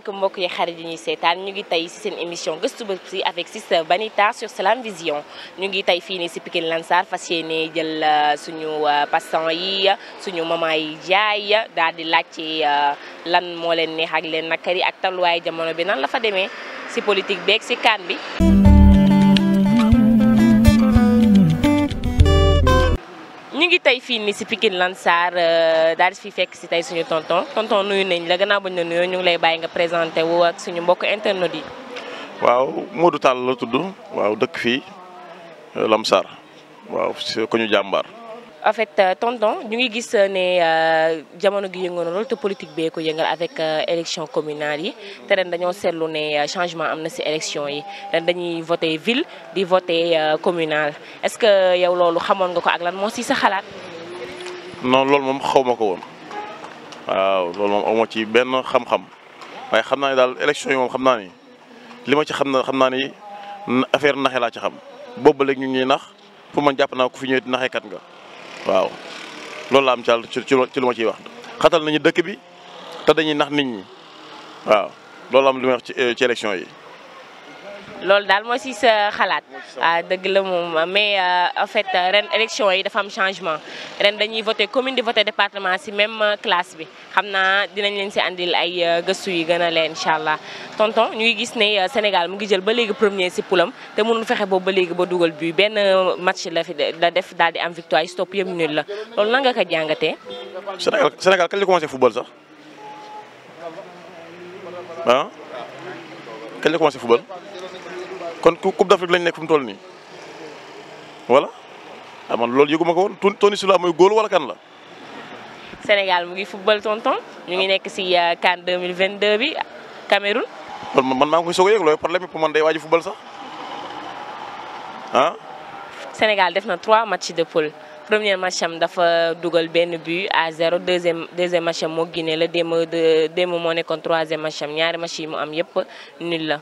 asalaamaaleykum mbokk yi xarit yi ñuy seetaan ñu ngi tey si seen émission gëstu bés si avec Sister Banita sur Salam Vision ñu ngi tey fii nii si Pikine Lansar fas yéene jël euh, suñu euh, passant yi suñu maman yi jaay daal di laajte euh, lan moo leen neex ak leen nakari ak tolluwaay jamono bi nan la fa demee si politique beeg si kaan bi. ñu ngi tey fii nii si Pikine Lansar euh, daal di fi fekk si tey suñu tonton tonton nuyu nañ la gannaaw bañ la nuyoo ñu ngi lay bàyyi nga présenté wu ak suñu mbokk internet yi. waaw du Tall la tudd waaw dëkk fii Lamsar waaw ko ñu jàmbaar. en fait euh, tonton ñu ngi gis euh, ne euh, jamono gi yëngoon na lool te politique bee ko yëngal avec élection communale yi te ren dañoo seetlu ne changement am na ci élection yi ren dañuy voté ville di voté communale est-ce que yow loolu xamoon nga ko ak lan moo si sa xalaat. non loolu moom xawma ko woon waaw loolu moom amoo benn xam-xam waaye xam naa ne daal élection yi moom xam naa ni li ci xam na xam naa ni affaire naxe laa ci xam boobu léegi nax pour man jàpp naa ku fi ñëwee nga. waaw loolu la am ci ci ci lu ma ciy wax xatal nañu dëkk bi te dañuy nax nit ñi waaw loolu am lu meex ci ci élection yi. loolu daal moo si sa xalaat ah dëgg la moom mais euh, en fait euh, ren élection yi dafa am changement ren dañuy voté commune di voté département si même euh, classe bi xam naa dinañ leen si andil ay gëstu yi gën a leen incha allah tonton ñu gis ne Sénégal mu ngi jël ba léegi premier si poulam te mënul fexe boobu ba léegi ba dugal bi benn match la fi la def daal di am victoire stop yëpp nul la loolu nan nga ko jàngatee. Sénégal Sénégal kañ la commencé football sax kañ la commencé football. kon Coupe d'Afrique lañ nekk fu mu toll nii voilà aman ah, loolu yëguma ko woon Tony Sula mooy góol wala kan la. Sénégal mu ngi football tonton ñu ngi nekk si euh, CAN 2022 bi Cameroun. kon man maa koy soog a yëg loolu problème bi man day waaj football sax ah? Sénégal def na trois matchs de poule premier match am dafa dugal benn but à zéro deuxième deuxième match am moo gine la démb démb moo nekkoon troisième match am ñaari match yi mu am yëpp nul la.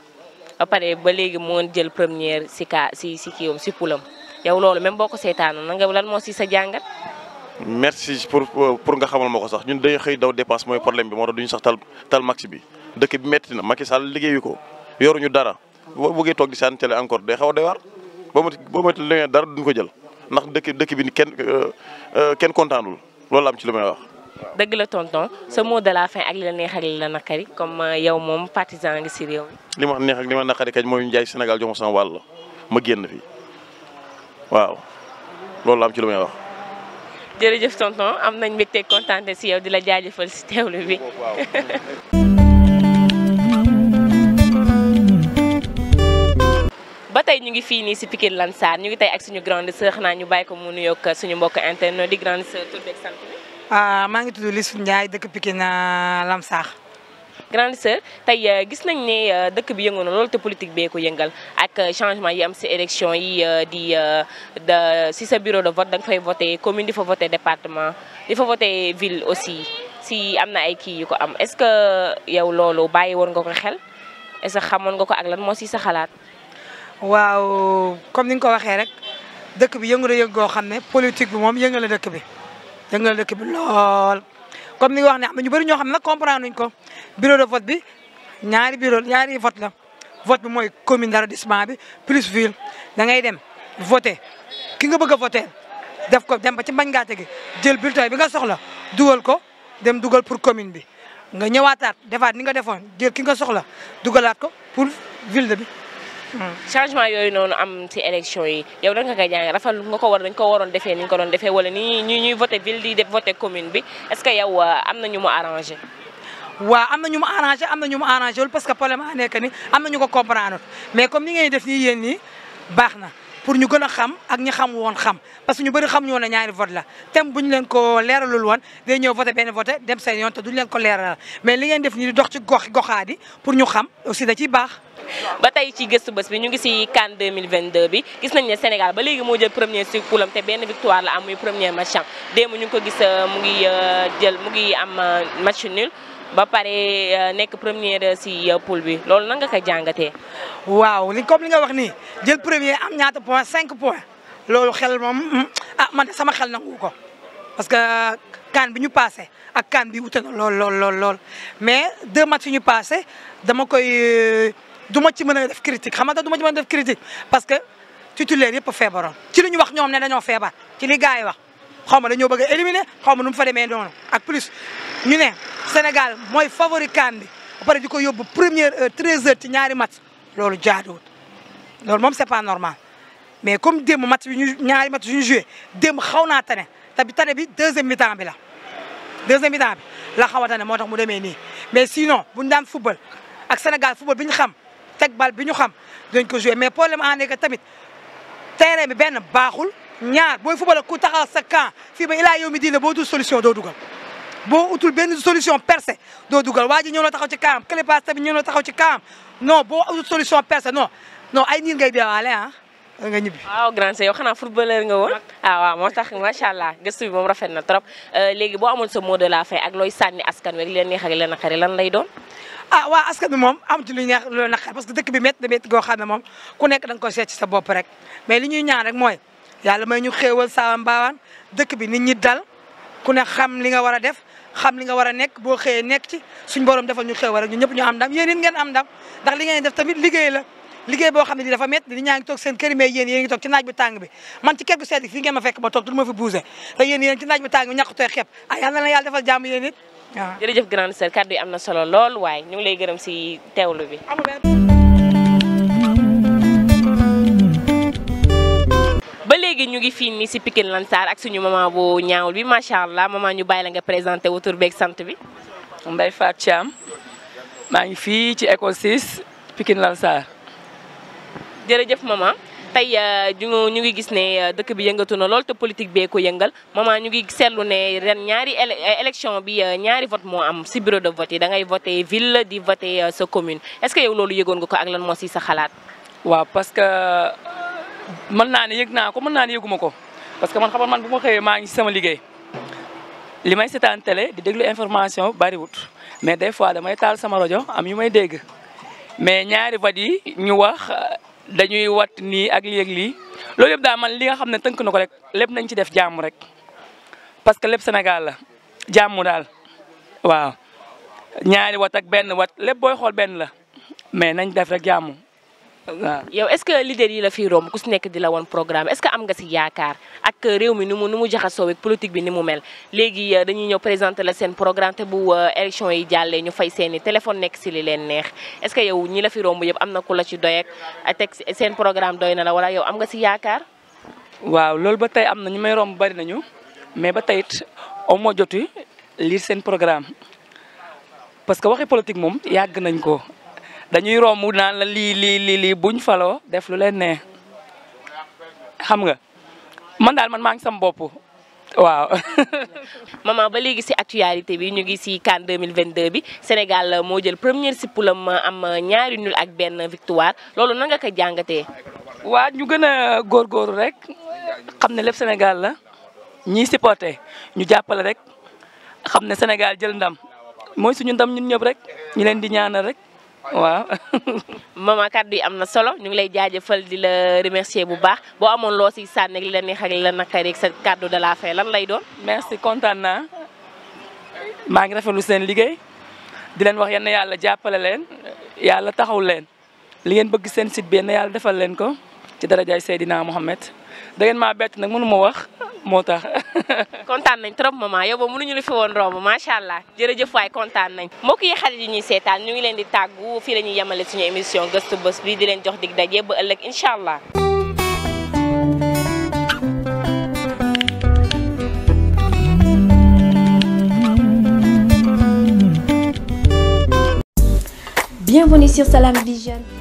ba pare ba léegi moo jël première si kaa si si kiiwam si pulam yow loolu même boo ko seetaanoon na nga lan moo si sa jàngat. merci pour pour nga xamal moo ko sax ñun dañu xëy daw dépense mooy problème bi moo tax duñu sax tal tal max bi dëkk bi metti na Macky Sall liggéeyu ko yoruñu dara boo buggee toog di saan télé encore day xaw a doy war boo ma boo ma dara duñ ko jël ndax dëkk dëkk bi kenn euh, euh, kenn kontaanul loolu am ci lu may wax. dëgg la tonton sa moo de fin ak li la neex li la naqari comme euh, yow moom partisan ngi si réew mi. li ma neex ak li ma naqari kañ mooy njaay Sénégal jox ma sama wàll ma génn fii ci lu may wax. jërëjëf tonton am nañ mbégte kontaante si yow di la jaajëfal si teewlu bi. ba tey ñu ngi fii nii si Pikine Lansar ñu ngi tey ak suñu grande sœur xanaa ñu bàyyi ko mu nuyoog suñu mbokk interne di grande sœur tur beeg sant Ah, maa ngi tudd Lissou Ndiaye dëkk Pikine ah, Lamsaax. grande sœur tey euh, gis nañ ne euh, dëkk bi yëngu na loolu te politique bee ko yëngal ak euh, changement yi am si élection yi di si sa bureau de vote da nga fay voté commune di fa voté département di fa voté ville aussi si am na ay kii yu ko am est-ce que yow loolu bàyyi woon nga ko xel est-ce que xamoon nga ko ak lan moo si sa xalaat. waaw comme ni nga ko waxee rek dëkk bi yëngu na yëngoo xam ne politique bi moom dëkk bi. dëngal dëkk bi lool comme ni nga wax ne am na ñu bëri ñoo xam ne nag comprendre nuñ ko bureau de vote bi ñaari bureau ñaari vote la vote bi mooy commune d'arrondissement bi plus ville da ngay dem voter ki nga bëgg a voter def ko dem ba ci mbañ gaate gi jël bulletin bi nga soxla dugal ko dem dugal pour commune bi nga ñëwaataat defaat ni nga defoon jël ki nga soxla dugalaat ko pour ville bi Hmm. changement yooyu noonu am ci élection yi yow da nga koy jàng rafetlu nga ko war dañ ko waroon defee ni ñu ko doon defee wala ni ñuy ñuy voté ville di voté commune bi est-ce que yow euh, am na ñu mu arrangé. waa am na ñu mu arrangé am na ñu mu arrangé wul parce que problème a nekk ni am na ñu ko comprendre mais comme ni ngeen def nii yéen ni baax na. pour ñu gën a xam ak ñi xam woon xam parce que ñu bëri xam ñoo woon ne ñaari vote la thème bu ñu leen ko leeralul woon day ñëw voté benn voté dem seen yoon te duñu leen ko leeralal mais li ngeen def ni di dox ci gox goxaadi pour ñu xam aussi da ciy baax. ba tey ci gëstu bés bi ñu ngi si CAN 2022 bi gis nañ ne Sénégal ba léegi moo jël premier si poulam te benn victoire la am muy premier match am démb ñu ko gis euh, mu ngi euh, jël mu ngi am euh, match nul. ba pare euh, nekk premier si euh, poule bi loolu nan nga koy jàngatee. waaw ni comme li nga wax ni jël premier am ñaata point cinq point loolu xel moom mm, a ah, man sama xel nangu ko parce que kan bi ñu paase ak kaan bi wute lool lool lool lool mais de mat yu ñu paase dama koy euh, du ma ci mën def critique xam nga du ma ci mën a def critique parce que titulaire yëpp feebaroon ci li ñu wax ñoom ne dañoo feebar ci li gars yi wax. xaw ma la dañoo bëgg a éliminer xaw ma nu mu fa demee noonu ak plus ñu ne Sénégal mooy favori kan bi ba pare di ko yóbbu première heure 13 ci ñaari match loolu jaaduwul loolu moom c'est pas normal mais comme démb match bi ñu ñaari match yu ñu joué démb xaw naa tane te bi tane bi deuxième mi-temps bi la deuxième mi-temps bi la xaw ne moo tax mu demee nii mais sinon bu ñu daan football ak Sénégal football bi ñu xam teg bal bi ñu xam dañ ko joué mais problème en est que tamit terrain bi benn baaxul ñaar booy football ku taxaw sa camp fii ba ilaa yow mi diine boo dul solution doo dugal boo utul benn solution percée doo dugal waa ji ñëw na taxaw ci camp Clépasse tamit ñëw na taxaw ci camp non boo utul solution percée non non ay niir ngay deewaale ah nga ñibbi. waaw grand yow xanaa footballeur nga woon ah, waaw moo tax macha allah gëstu bi moom rafet na trop euh, léegi boo amoon sa mot de la fin ak looy sànni askan wi ak leen neex ak leen naqari lan lay doon. ah waa am ci lu neex lu naqari parce que dëkk bi métti na métti goo xam ne moom ku nekk da nga koy seet sa bopp rek mais li ñuy ñaan rek mooy yàlla may ñu xéewal saa mbaawaan dëkk bi nit ñi dal ku ne xam li nga war a def xam li nga war a nekk boo xëyee nekk ci suñ borom defal ñu xéewal rek ñu ñëpp ñu am ndam yéen ngeen am ndam ndax li ngeen def tamit liggéey la liggéey boo xam ne di dafa métti di ñaa ngi toog seen kër mais yéen yéen ngi toog ci naaj bi tàng bi man ci kër gu sedd fi ngeen ma fekk ma toog du ma fi bougé te yéen yéen ci naaj bi tàng bi ñàkkutoo xeeb ah yal na la yàlla defal jàmm yéen am na solo lool waaye ñu ngi lay gërëm si teewlu bi léegi ñu ngi fii nii si Pikine Lansar ak ñu maman bu ñaawul bi macha allah maman ñu bàyyi la nga présenté wu tur sant bi. Ndeye Fatou Thiam maa ngi fii ci école 6 Pikine Lansar. jërëjëf maman tey euh, ñu ngi gis ne euh, dëkk bi yëngatu na lool te politique bee ko yëngal maman ñu ngi seetlu ne ren ñaari euh, élection bi ñaari vote moo am si bureau de vote yi da ngay voté ville di voté sa commune est-ce que yow loolu yëgoon nga ko ak lan moo si sa xalaat. waaw mën naa ne yëg naa ko mën naa ne yëguma ko parce que man xamal man bu ma xëyee maa ngi si sama liggéey li may seetaan télé di déglu information bariwut mais des fois damay taal sama rajo am ñu may dégg mais ñaari wat yi ñu wax dañuy wat nii ak lii ak lii loolu yëpp daal man li nga xam ne tënk na ko rek lépp nañ ci def jàmm rek parce que lépp Sénégal la jàmm daal waaw ñaari wat ak benn wat lépp booy xool benn la mais nañ def rek jàmm waaw yow est-ce que lider yi la fi romb ku si nekk di la woon programme est-ce que am nga si yaakaar ak réew mi ni mu ni mu jaxasoo ak bi ni mu mel léegi euh, dañuy ñëw présenter la seen programme te bu euh, élection yi jàllee ñu fay seeni i téléphone nekk si li leen neex est-ce que yow ñi la fi romb yëpp am na ku la ci doy ak teg seen programme doy na la wala yow am nga si yaakaar. waaw loolu ba tey am na ñu may romb bari nañu mais ba tey it moo jotu lire seen programme parce que waxi moom yàgg nañ ko. dañuy rombu naan la lii lii lii lii buñ faloo def lu leen ne xam nga man daal man maa ngi sam bopp waaw. maman ba léegi si actualité bi ñu ngi si CAN 2022 bi Sénégal moo jël première sippulam am ñaari nul ak benn victoire loolu na nga ko jàngatee. waa ñu gën a góorgóorlu rek xam ne lépp Sénégal la ñiy supporté ñu jàppale rek xam ne Sénégal jël ndam mooy si ñu ndam ñun ñëpp rek ñu leen di ñaanal rek. waaw maman kàddu yi am na solo ñu ngi lay jaajëfal di la remercier bu baax boo amoon loo si sànni li la neex ak li la naqari sa kàddu de la fin lan lay doon. merci kontaan naa maa ngi rafetlu seen liggéey di leen wax yenn yàlla jàppale leen yàlla taxaw leen li ngeen bëgg seen site bi yenn yàlla defal leen ko ci darajaay Seydina Mohamed da ngeen maa bett nag mënu wax moo tax. kontaan nañ trop maman yow ba mënuñu la fi woon romb macha allah jërëjëf waay kontaan nañ mbokk yi xarit yi ñuy seetaan ñu ngi leen di tàggu fii la ñuy ñu suñu émission gëstu bés bi di leen jox dig daje ba ëllëg incha allah Bienvenue sur